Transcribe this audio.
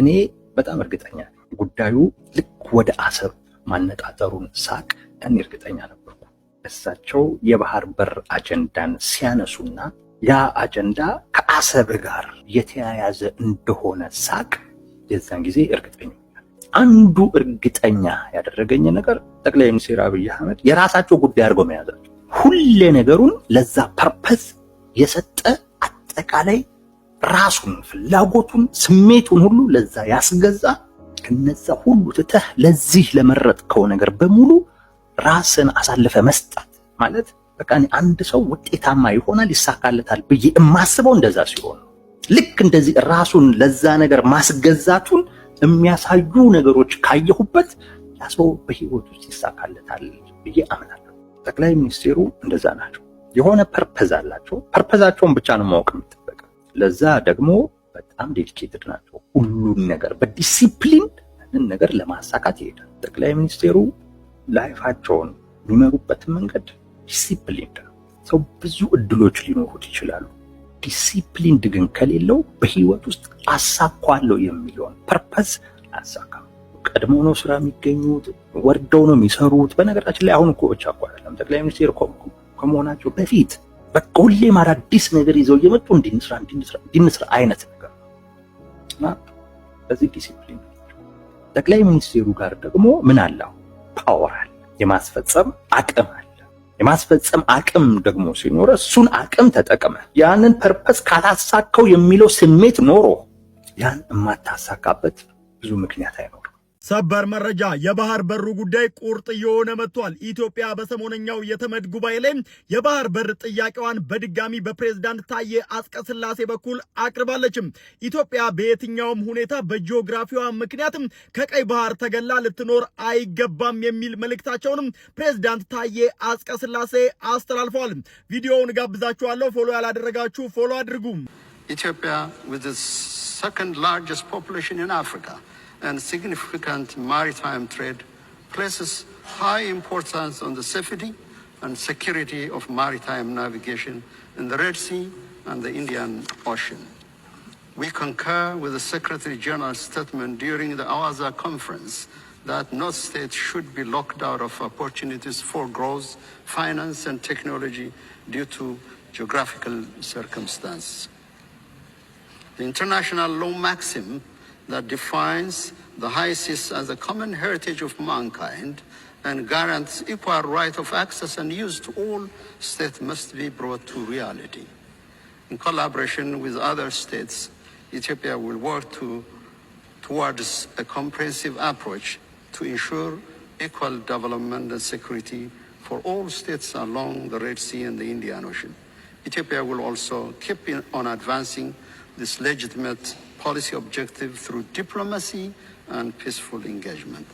እኔ በጣም እርግጠኛ ጉዳዩ ልክ ወደ አሰብ ማነጣጠሩን ሳቅ እኔ እርግጠኛ ነበርኩ። እሳቸው የባህር በር አጀንዳን ሲያነሱና ያ አጀንዳ ከአሰብ ጋር የተያያዘ እንደሆነ ሳቅ የዛን ጊዜ እርግጠኛ አንዱ እርግጠኛ ያደረገኝ ነገር ጠቅላይ ሚኒስትር አብይ አህመድ የራሳቸው ጉዳይ አድርገው መያዛቸው ሁሌ ነገሩን ለዛ ፐርፐዝ የሰጠ አጠቃላይ ራሱን ፍላጎቱን ስሜቱን ሁሉ ለዛ ያስገዛ። ከነዛ ሁሉ ትተህ ለዚህ ለመረጥከው ነገር በሙሉ ራስን አሳልፈ መስጠት ማለት በቃ አንድ ሰው ውጤታማ ይሆናል ይሳካለታል ብዬ የማስበው እንደዛ ሲሆን፣ ልክ እንደዚህ ራሱን ለዛ ነገር ማስገዛቱን የሚያሳዩ ነገሮች ካየሁበት ያ ሰው በህይወት ውስጥ ይሳካለታል ብዬ አምናለሁ። ጠቅላይ ሚኒስትሩ እንደዛ ናቸው። የሆነ ፐርፐዝ አላቸው። ፐርፐዛቸውን ብቻ ነው ማወቅ ለዛ ደግሞ በጣም ዴዲኬትድ ናቸው። ሁሉን ነገር በዲሲፕሊን ያንን ነገር ለማሳካት ይሄዳል። ጠቅላይ ሚኒስቴሩ ላይፋቸውን የሚመሩበት መንገድ ዲሲፕሊን ሰው ብዙ እድሎች ሊኖሩት ይችላሉ። ዲሲፕሊን ግን ከሌለው በህይወት ውስጥ አሳኳለው የሚለውን ፐርፐዝ አያሳካም። ቀድመው ነው ስራ የሚገኙት፣ ወርደው ነው የሚሰሩት። በነገራችን ላይ አሁን እኮ ብቻ እኮ አይደለም ጠቅላይ ሚኒስቴር ከመሆናቸው በፊት በቃ ሁሌም አዳዲስ ነገር ይዘው እየመጡ እንድንስራ እንድንስራ እንድንስራ አይነት ነገር እና በዚህ ዲሲፕሊን ጠቅላይ ሚኒስቴሩ ጋር ደግሞ ምን አለው? ፓወር አለ፣ የማስፈጸም አቅም አለ። የማስፈጸም አቅም ደግሞ ሲኖረ እሱን አቅም ተጠቅመ ያንን ፐርፐስ ካላሳካው የሚለው ስሜት ኖሮ ያን የማታሳካበት ብዙ ምክንያት አይኖር። ሰበር መረጃ የባህር በሩ ጉዳይ ቁርጥ እየሆነ መጥቷል። ኢትዮጵያ በሰሞነኛው የተመድ ጉባኤ ላይ የባህር በር ጥያቄዋን በድጋሚ በፕሬዝዳንት ታዬ አጽቀ ስላሴ በኩል አቅርባለችም። ኢትዮጵያ በየትኛውም ሁኔታ በጂኦግራፊዋ ምክንያትም ከቀይ ባህር ተገላ ልትኖር አይገባም የሚል መልእክታቸውንም ፕሬዝዳንት ታዬ አጽቀ ስላሴ አስተላልፈዋል። ቪዲዮውን ጋብዛችኋለሁ። ፎሎ ያላደረጋችሁ ፎሎ አድርጉ። ኢትዮጵያ and significant maritime trade places high importance on the safety and security of maritime navigation in the Red Sea and the Indian Ocean. We concur with the Secretary General's statement during the Awaza conference that no State should be locked out of opportunities for growth, finance, and technology due to geographical circumstances. The international law maxim that defines the high seas as a common heritage of mankind and guarantees equal right of access and use to all states must be brought to reality. In collaboration with other states, Ethiopia will work to, towards a comprehensive approach to ensure equal development and security for all states along the Red Sea and the Indian Ocean. Ethiopia will also keep on advancing this legitimate policy objective through diplomacy and peaceful engagement.